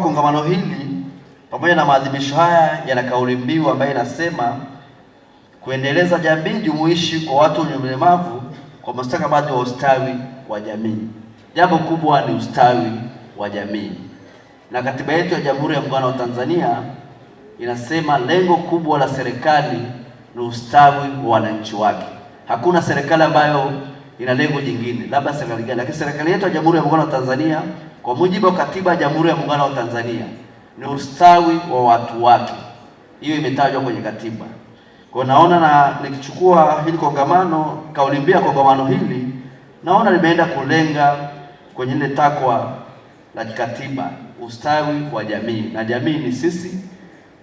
Kongamano hili pamoja na maadhimisho haya yana kauli mbiu ambayo inasema kuendeleza jamii jumuishi kwa watu wenye ulemavu kwa mustakabali wa ustawi wa jamii. Jambo kubwa ni ustawi wa jamii, na katiba yetu ya Jamhuri ya Muungano wa Tanzania inasema lengo kubwa la serikali ni ustawi wa wananchi wake. Hakuna serikali ambayo ina lengo jingine, labda serikali gani, lakini serikali yetu ya Jamhuri ya Muungano wa Tanzania kwa mujibu wa katiba ya Jamhuri ya Muungano wa Tanzania ni ustawi wa watu wake. Hiyo imetajwa kwenye katiba. Kwa naona na nikichukua hili kongamano, kauli mbiu ya kongamano hili naona limeenda kulenga kwenye ile takwa la kikatiba, ustawi wa jamii, na jamii ni sisi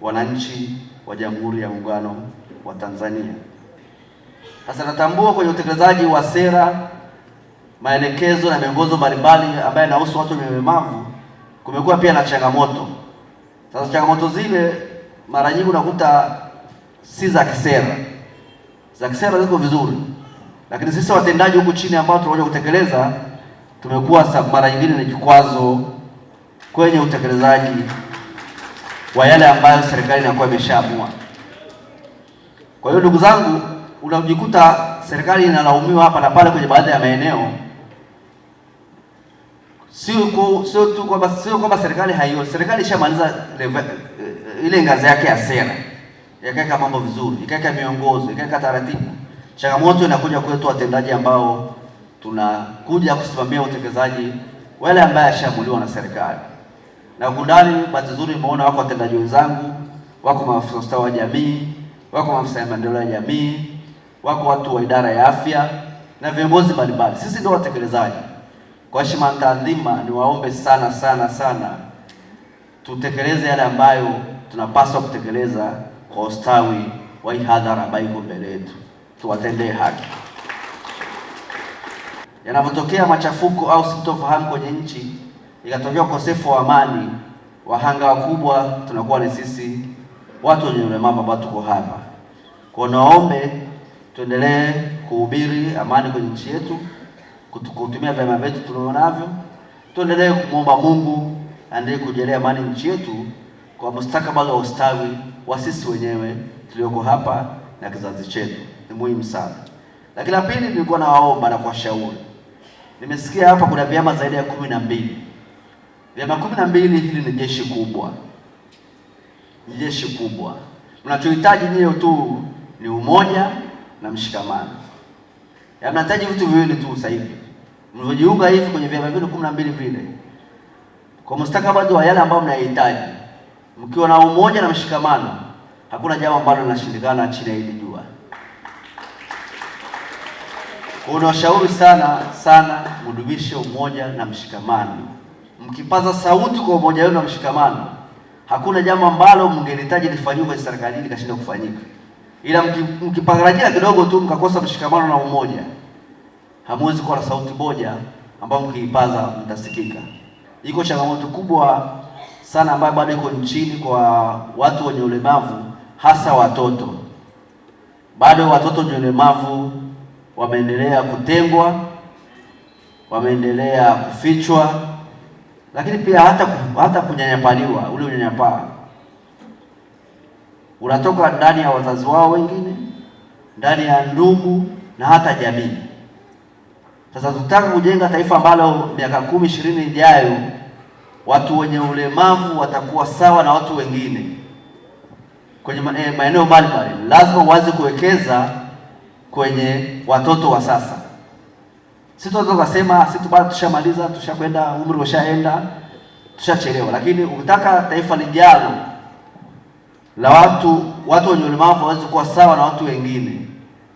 wananchi wa Jamhuri ya Muungano wa Tanzania. Sasa natambua kwenye utekelezaji wa sera maelekezo na miongozo mbalimbali ambayo inahusu watu wenye ulemavu, kumekuwa pia na changamoto. Sasa changamoto zile mara nyingi unakuta si za kisera, za kisera ziko vizuri, lakini sisi watendaji huku chini ambao tunakuja kutekeleza tumekuwa mara nyingine ni kikwazo kwenye utekelezaji wa yale ambayo serikali inakuwa imeshaamua. Kwa hiyo ndugu zangu, unajikuta serikali inalaumiwa hapa na pale kwenye baadhi ya maeneo sio sio tu kwamba sio kwamba serikali haiyo, serikali ishamaliza eh, ile ngazi yake ya sera, ikaweka mambo vizuri, ikaweka miongozo, ikaweka taratibu. Changamoto inakuja kwetu watendaji ambao tunakuja kusimamia utekelezaji wale ambaye ashambuliwa na serikali na kundani. Bahati nzuri umeona wako watendaji wenzangu, wako maafisa ustawi wa jamii, wako maafisa ya maendeleo ya jamii, wako watu wa idara ya afya na viongozi mbalimbali. Sisi ndio watekelezaji. Kwa heshima taadhima, niwaombe sana sana sana tutekeleze yale ambayo tunapaswa kutekeleza kwa ustawi wa hadhara ambayo iko mbele yetu, tuwatendee haki. Yanapotokea machafuko au sintofahamu kwenye nchi, ikatokea ukosefu wa amani, wahanga wakubwa tunakuwa ni sisi watu wenye ulemavu ambao tuko hapa. Kwa naombe tuendelee kuhubiri amani kwenye nchi yetu kutumia vyama vyetu tulionavyo. Tuendelee kumwomba Mungu aendelee kujalia amani nchi yetu kwa mustakabali wa ustawi wa sisi wenyewe tulioko hapa na kizazi chetu, ni muhimu sana. Lakini la pili, nilikuwa nawaomba na kuwashauri, nimesikia hapa kuna vyama zaidi ya kumi na mbili vyama kumi na mbili. Hili ni jeshi kubwa, ni jeshi kubwa. Mnachohitaji nyewe tu ni umoja na mshikamano. Mnahitaji vitu viwili tu sasa hivi mlivyojiunga hivi kwenye vyama vyenu kumi na mbili vile, kwa mustakabali wa yale ambayo mnayahitaji, mkiwa na umoja na mshikamano, hakuna jambo ambalo linashindikana chini ya hili jua. Unawashauri sana sana mdumishe umoja na mshikamano. Mkipaza sauti kwa umoja wenu na mshikamano, hakuna jambo ambalo mngelihitaji lifanyiwe kwenye serikali hii kufanyika, ila mkiparajia kidogo tu mkakosa mshikamano na umoja Hamwezi kuwa na sauti moja ambayo mkiipaza mtasikika. Iko changamoto kubwa sana ambayo bado iko nchini kwa watu wenye ulemavu, hasa watoto. Bado watoto wenye ulemavu wameendelea kutengwa, wameendelea kufichwa, lakini pia hata hata kunyanyapaliwa. Ule unyanyapaa unatoka ndani ya wazazi wao, wengine ndani ya ndugu na hata jamii. Sasa tutaka kujenga taifa ambalo miaka kumi ishirini ijayo watu wenye ulemavu watakuwa sawa na watu wengine kwenye eh, maeneo mbalimbali. Lazima uanze kuwekeza kwenye watoto wa sasa, si tunaweza kusema sisi bado tushamaliza, tushakwenda umri, ushaenda, tushachelewa. Lakini ukitaka taifa lijalo la watu watu wenye ulemavu waweze kuwa sawa na watu wengine,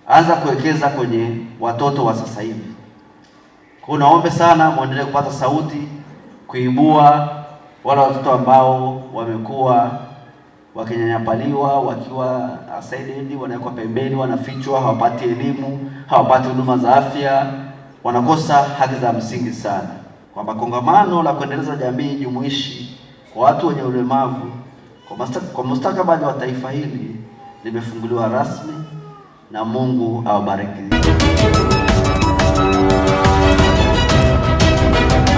anza kuwekeza kwenye watoto wa sasa hivi. Kwa naombe sana muendelee kupata sauti kuibua wale watoto ambao wamekuwa wakinyanyapaliwa wakiwa asaidendi, wanawekwa pembeni, wanafichwa, hawapati elimu, hawapati huduma za afya, wanakosa haki za msingi sana. Kwamba kongamano la kuendeleza jamii jumuishi kwa watu wenye ulemavu kwa mustakabali wa taifa hili limefunguliwa rasmi, na Mungu awabariki. Музика